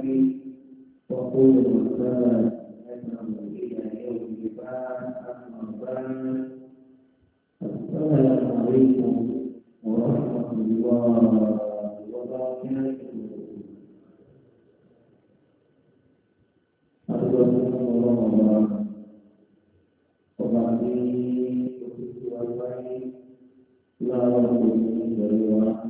الكتاب وقول الإنسان أنه إلى يوم البعث أما بعد السلام عليكم ورحمة الله وبركاته Thank you.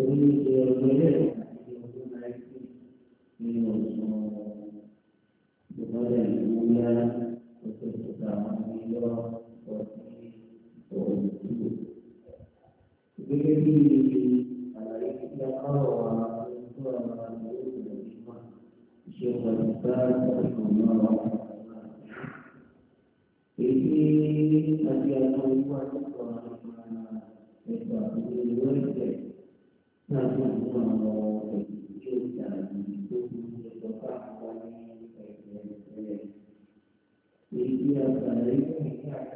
òun ní ṣe ọdún ẹlẹ́yìn àti ọdún láìpẹ́ nínú ọ̀sán ìbọ̀lẹ̀ ìwúyá ọ̀sẹ̀ ìjọba àwọn ilé ọ̀sán ọ̀hún ìdìbò. Gẹ́gẹ́ bí àlàyé kíkà kọ́rọ̀ wa tó àwọn àwọn ìwé ìwé ìwé ìṣèwọ̀n ìgbà ọ̀sán náà wà.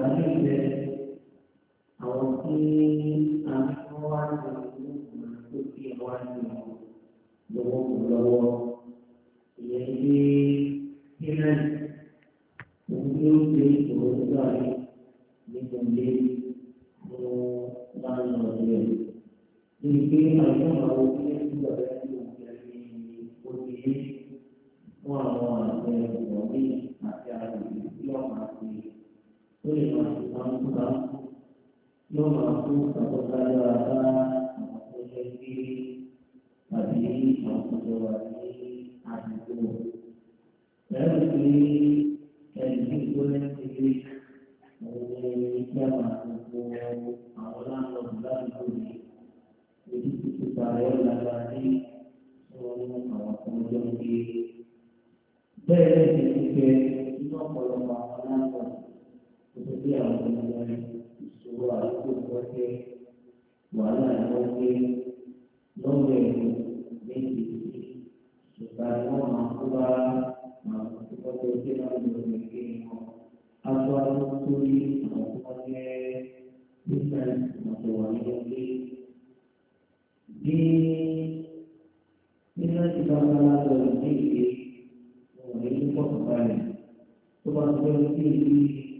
ìgbà àwọn tí a ń fún wa ní ìlú tó fi wá ní lọ́wọ́ lọ́wọ́ ìyẹn ní kílẹ̀ òun tí ó gbé ìṣòro nígbà yìí nítorí mo máa ń lọ sí ẹ̀. Ibi pé àìsàn àwọn òbí ẹ̀ ń gbàgbé ní òkè ní òkè fún àwọn àgbẹ̀ ìwọ̀n ní àti àgbẹ̀ tí wọ́n máa ti ó lè máa yóò máa fún ìtàkọ́sáyà bá àwọn tó jẹ́ pé tàbí àwọn àdúgbò. Bẹ́ẹ̀ ni ẹni tí ó lè ti òun ni kí a máa gbogbo àwọn láńlọ́ọ̀dù ládùúgbò ní èyí tí ti parí ọ̀làgbà ní ọ̀run àwọn tó jẹ́ pé bẹ́ẹ̀ ni ìfẹ́ inú ọ̀pọ̀lọpọ̀ seperti yang mengenai surah al mana mungkin nombor ini supaya mampu mampu berjaya dalam dunia Asal suri maupunnya bisnes maupun di mana kita melihat dalam diri ini mengenai sebuah kebaikan sebuah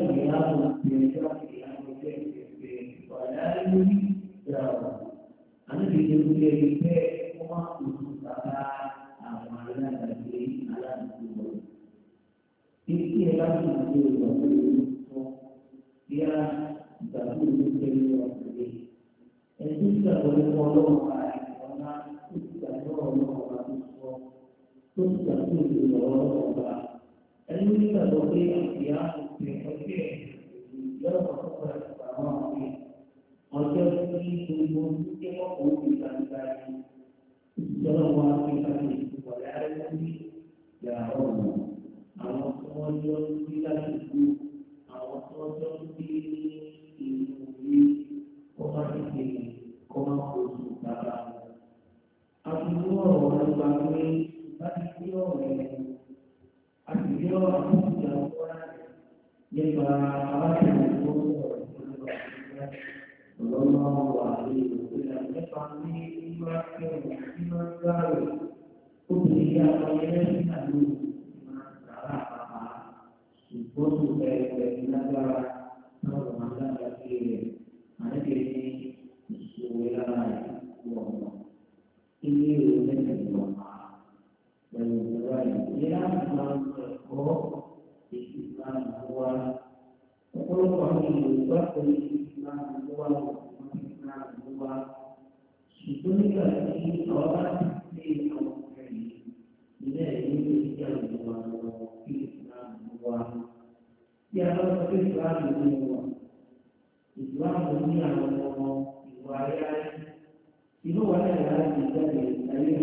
Okay. yọ̀rọ̀ kọ̀ọ̀kan ọjọ́ tí gbogbo ń tẹ́wọ́ òun tahu untuk tidak mengenai satu masalah apa sebut dari dari negara atau mana dari mana dari lah. ini lah sebagai kan orang ini adalah orang dan sebagai dia adalah orang Islam awal Kalau kami berubah dari Islam awal Islam awal Sebenarnya ini orang Ìwà ayáyé, ìlú wa náà yàrá ìjáde ayé.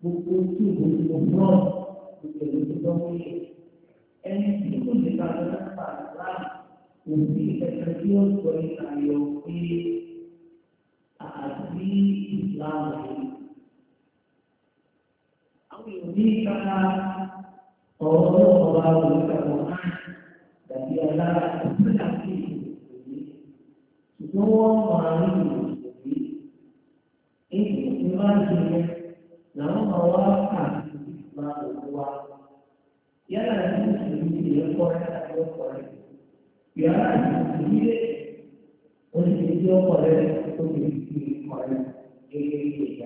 buku itu berubah-ubah buku itu berubah-ubah dan itu pun para Kunci kecil dari karyoki Asli Islam Aku ini kata Tolong Allah Mereka Tuhan Dan dia adalah Kepenangki Semua Mereka Ini Ini Ini namun mengeluarkan suatu uang. Ia adalah muslim di dalam korea dan di dalam korea. Ia adalah muslim untuk dihidupi korea dan dihidupi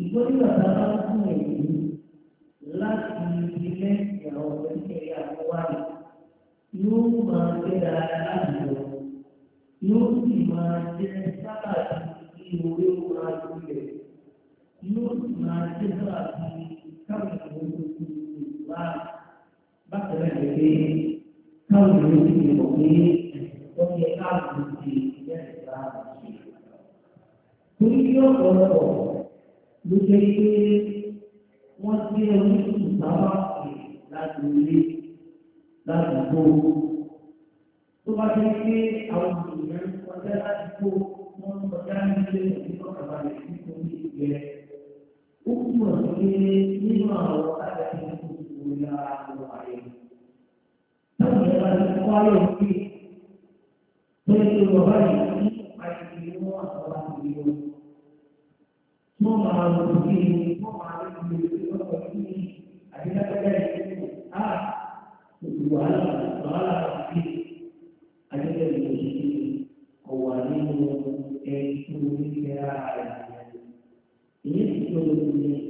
Jika kita dapat mengenai lagi jenis yang akan kita buat, yuk mari kita lanjut. Yuk di mana kita dapat mengenai lagi jenis yóò máa ṣe sábà fi káwọn ìṣòro tó ti wá bákan náà lè pé káwọn ìṣòro ti lè mọ̀ pé ó yẹ káàkiri ti ìṣẹ́ ìgbà ṣe. Torí bí ọ̀pọ̀lọpọ̀ ló jẹ́ pé wọ́n gbé oníṣòwò sábà pè láti ilé ládùúgbò. Tó bá jẹ́ pé àwọn ènìyàn kọjá ládùúgbò wọ́n kọjá nílé ìdíkọ̀kàbalẹ̀ nítorí ìgbẹ́. Ini sebelumnya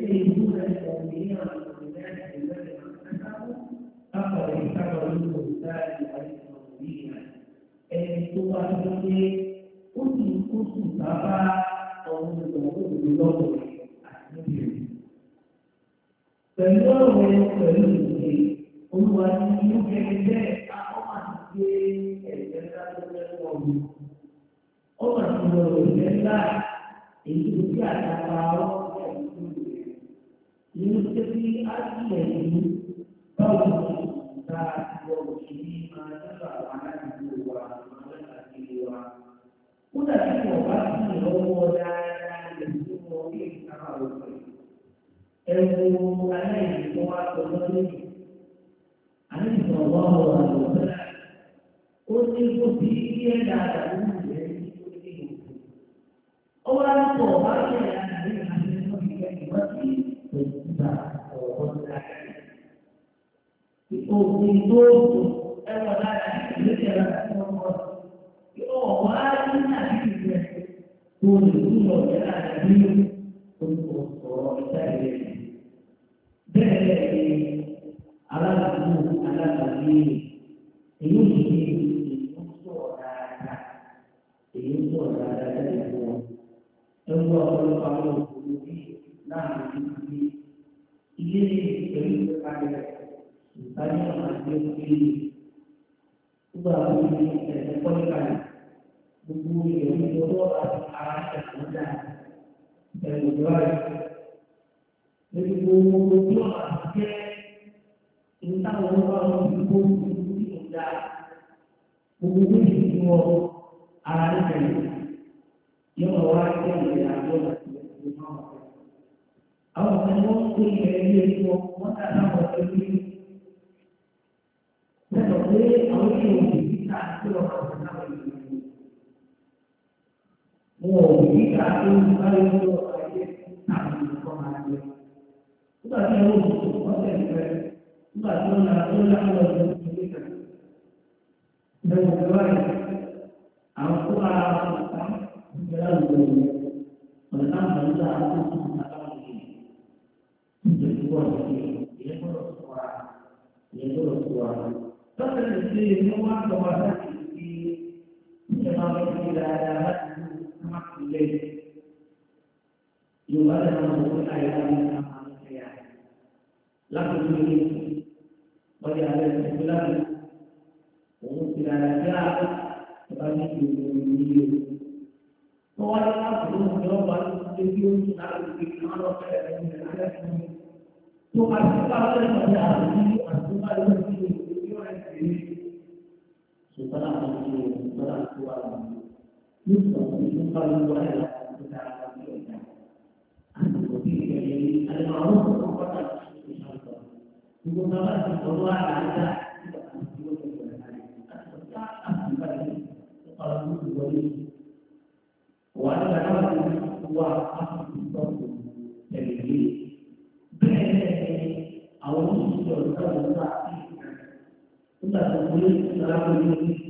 ẹni tó bá ti lọ pé ó sì ń kó sùn bàbá ọ̀hún ìgbàgbọ́ òdodo lọ́wọ́ àti níbi rẹ̀. pẹ̀lú ọ̀rọ̀ rẹ̀ pẹ̀lú ìwé olúwa ní inú bẹ́ẹ̀ àwọn àti gbé ẹ̀jẹ̀ ńlá tó lẹ́nu ọ̀gbìn. ó mà ti lọ ìjẹ́ ńlá èyí tó kí àtàkà ọ̀rọ̀ ìlú tẹ́tí á sì lẹ̀ ní báwo ni ìta kódà tí wọn bá ti lọ́wọ́ dáadáa lè fún wọn ní ìtara òkè ẹ̀wù aláìsí wọn wá sọ lọ́dún yìí àlejò ọ̀wọ́ ọ̀rọ̀ àlọ́sọ́lá ó ní kó bí yíyẹ dáadáa ló ń lè ní orí òkè ọwọ́ àpò ọ̀bá yẹ àlàyé àti ẹ̀rọ ìgbà ìwọ́n sí òkúta ọ̀wọ́ dáadáa ìkòkò ìgbóòkò ẹ̀wọ̀n dáadáa ìgbésẹ̀ banyak orang yang diri. Ubah gbogbo ìyẹ̀wò ìjọba àti ara ṣàkóso ẹ̀rù ìjọba lórí gbogbo ojú ọ̀la jẹ́ ìtàwọn ọba wọn ti kó ìlú ìjà gbogbo ojú ìlú wọn ara níbẹ̀ yóò wá jẹ́ ìrìn àjọ àti ìlú náà. àwọn ọ̀sẹ̀ wọn kó ìrìn ẹ̀rí ẹ̀rí wọn wọ́n tà láwọn ọ̀sẹ̀ lórí. wọn ò ní káàdì báyìí lọ ayé tàbí nǹkan máa yẹ. nígbà tí wọn ò sọ wọn tẹ̀lé rẹ nígbà tí wọn náà tó láwọn ọdún tó lé kà. lẹ́wọ̀n tó wáyé àwọn tó wà á ìgbẹ́ láwùjọ yẹn ọ̀nà náà máa ń lọ àwọn tó kù láwọn yẹn. nítorí wọn ò ní ìyẹn gbọ́dọ̀ tó wà ìyẹn gbọ́dọ̀ tó wà. lọ́sẹ̀ lè ṣe ìwọ́n wá lọ́wọ́ láti fi ìjọba láti sangat pilih juga dalam buku saya dan sama saya. Lagu ini bagi ada yang sebulan, umur tidak ada sebagai ibu ini. Soalnya belum jawab untuk hari ini kalau saya ada yang ada ini. Tuh asyik pada yang ada ini, asyik pada yang ini, itu yang ini. Sudahlah, Mustahil mungkin kalau buat ada kita akan dilihat. Anak putih ini ada mahu untuk kita bersama. Juga dapat dibawa ada kita akan dilihat. Tak akan dibawa ini. Kalau buat ini, walaupun kita buat apa pun, jadi ini, beri awal ini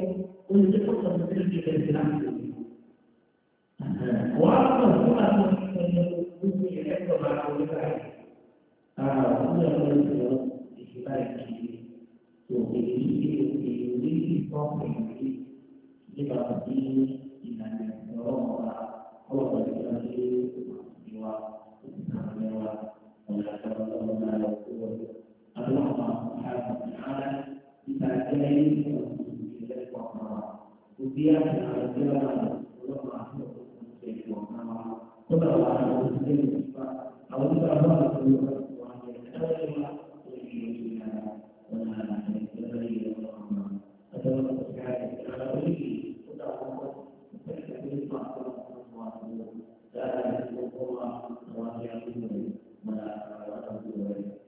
Kuasa Tuhan menyebut diri itu makhlukai. Tahu yang menyebut diri itu sendiri, diri itu diri sendiri. Jika hati kita yang berubah, Allah akan menjadi lebih kuat, lebih kuat, Allah akan kita jadi lebih kuat. Kudia yang ada orang orang yang ini menarik orang tua ini.